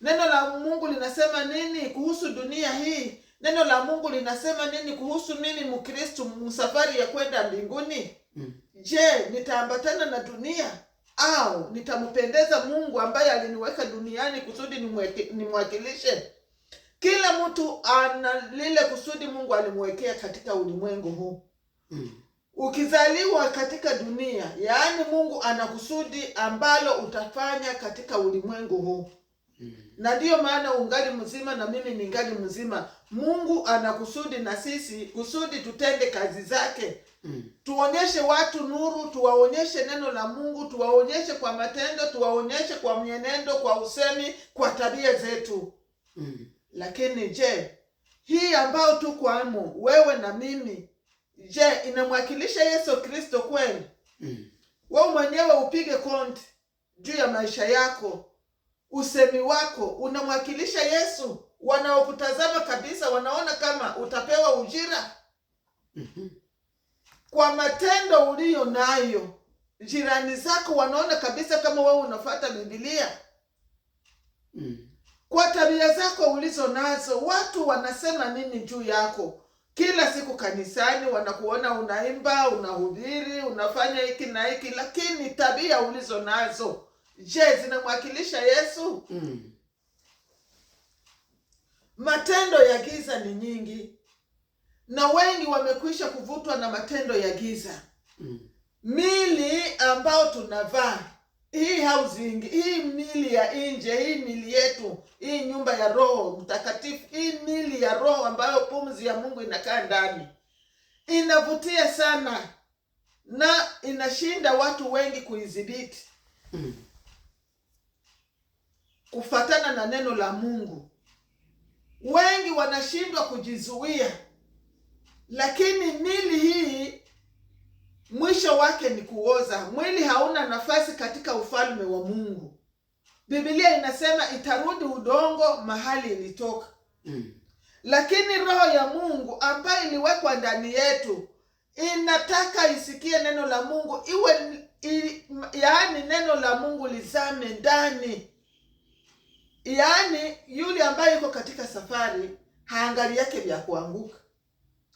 Neno la Mungu linasema nini kuhusu dunia hii? Neno la Mungu linasema nini kuhusu mimi Mkristo, msafari ya kwenda mbinguni? Mm. Je, nitaambatana na dunia au nitampendeza Mungu ambaye aliniweka duniani kusudi nimwakilishe? Kila mtu ana lile kusudi Mungu alimwekea katika ulimwengu huu. Mm. Ukizaliwa katika dunia, yaani Mungu ana kusudi ambalo utafanya katika ulimwengu huu mm. na ndiyo maana ungali mzima na mimi ningali mzima. Mungu ana kusudi na sisi, kusudi tutende kazi zake mm. tuonyeshe watu nuru, tuwaonyeshe neno la Mungu, tuwaonyeshe kwa matendo, tuwaonyeshe kwa mwenendo, kwa usemi, kwa tabia zetu mm. Lakini je, hii ambayo tuko amo wewe na mimi, je, inamwakilisha Yesu Kristo kweli? mm. wewe mwenyewe upige konti juu ya maisha yako usemi wako unamwakilisha Yesu, wanaokutazama kabisa wanaona kama utapewa ujira mhm. kwa matendo uliyo nayo. Jirani zako wanaona kabisa kama wewe unafuata Biblia. Mm. Kwa tabia zako ulizo nazo, watu wanasema nini juu yako? Kila siku kanisani wanakuona unaimba, unahubiri, unafanya hiki na hiki, lakini tabia ulizo nazo Je, zinamwakilisha Yesu? mm. Matendo ya giza ni nyingi na wengi wamekwisha kuvutwa na matendo ya giza mm. Mili ambao tunavaa hii housing, hii mili ya nje, hii mili yetu, hii nyumba ya Roho Mtakatifu, hii mili ya Roho ambayo pumzi ya Mungu inakaa ndani, inavutia sana na inashinda watu wengi kuidhibiti mm kufatana na neno la Mungu. Wengi wanashindwa kujizuia, lakini mili hii mwisho wake ni kuoza. Mwili hauna nafasi katika ufalme wa Mungu. Biblia inasema itarudi udongo mahali ilitoka. Mm. Lakini roho ya Mungu ambayo iliwekwa ndani yetu inataka isikie neno la Mungu iwe i, yaani neno la Mungu lizame ndani yaani yule ambaye yuko katika safari haangali yake vya kuanguka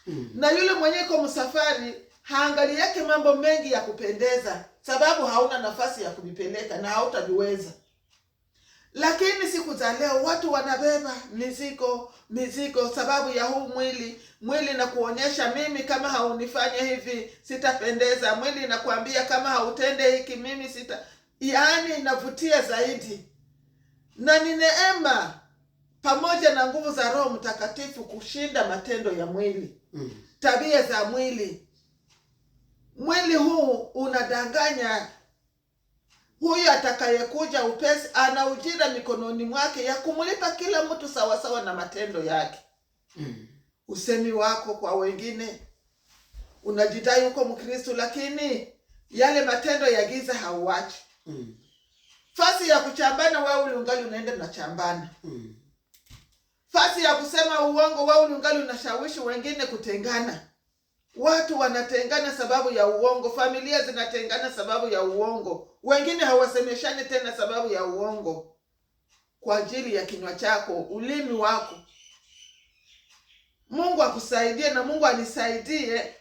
hmm. na yule mwenye yuko msafari haangali yake mambo mengi ya kupendeza, sababu hauna nafasi ya kuvipeleka na hautaviweza. Lakini siku za leo watu wanabeba mizigo mizigo, sababu ya huu mwili. Mwili nakuonyesha mimi, kama haunifanye hivi sitapendeza. Mwili kuambia kama hautende hiki, mimi sita, yaani inavutia zaidi na ni neema pamoja na nguvu za Roho Mtakatifu kushinda matendo ya mwili mm. tabia za mwili. Mwili huu unadanganya. Huyu atakayekuja upesi ana ujira mikononi mwake ya kumlipa kila mtu sawasawa na matendo yake mm. Usemi wako kwa wengine, unajidai uko Mkristo, lakini yale matendo ya giza hauachi mm. Fasi ya kuchambana wewe uliungali unaenda na chambana. Hmm. Fasi ya kusema uongo wewe uliungali unashawishi wengine kutengana. Watu wanatengana sababu ya uongo, familia zinatengana sababu ya uongo, wengine hawasemeshani tena sababu ya uongo, kwa ajili ya kinywa chako, ulimi wako. Mungu akusaidie na Mungu anisaidie,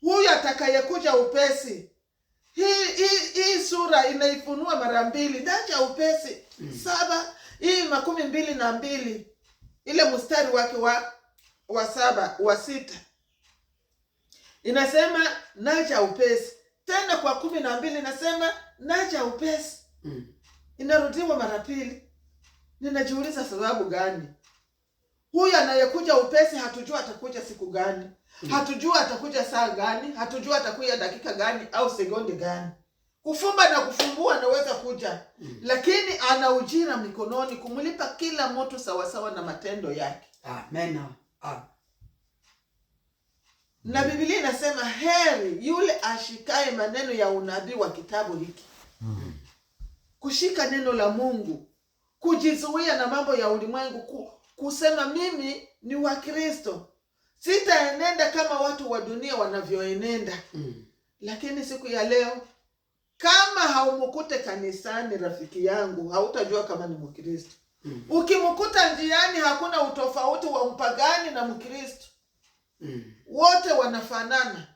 huyu atakayekuja upesi hii hii hii sura inaifunua mara mbili, danja upesi mm. saba hii makumi mbili na mbili ile mstari wake wa wa saba wa sita inasema naja upesi tena, kwa kumi na mbili inasema naja upesi mm. inarudiwa mara pili. Ninajiuliza sababu gani? Huyu anayekuja upesi hatujua atakuja siku gani. Hatujua atakuja saa gani, hatujua atakuja dakika gani au sekunde gani. Kufumba na kufumbua anaweza kuja, mm. lakini ana ujira mikononi kumlipa kila mtu sawasawa na matendo yake. Amen. Ah. Na mm. Biblia inasema heri yule ashikaye maneno ya unabii wa kitabu hiki. Mm. Kushika neno la Mungu, kujizuia na mambo ya ulimwengu, kusema mimi ni wa Kristo sitaenenda kama watu wa dunia wanavyoenenda mm. Lakini siku ya leo kama haumukute kanisani, rafiki yangu, hautajua kama ni Mkristo mm. Ukimkuta njiani, hakuna utofauti wa mpagani na Mkristo mm. Wote wanafanana.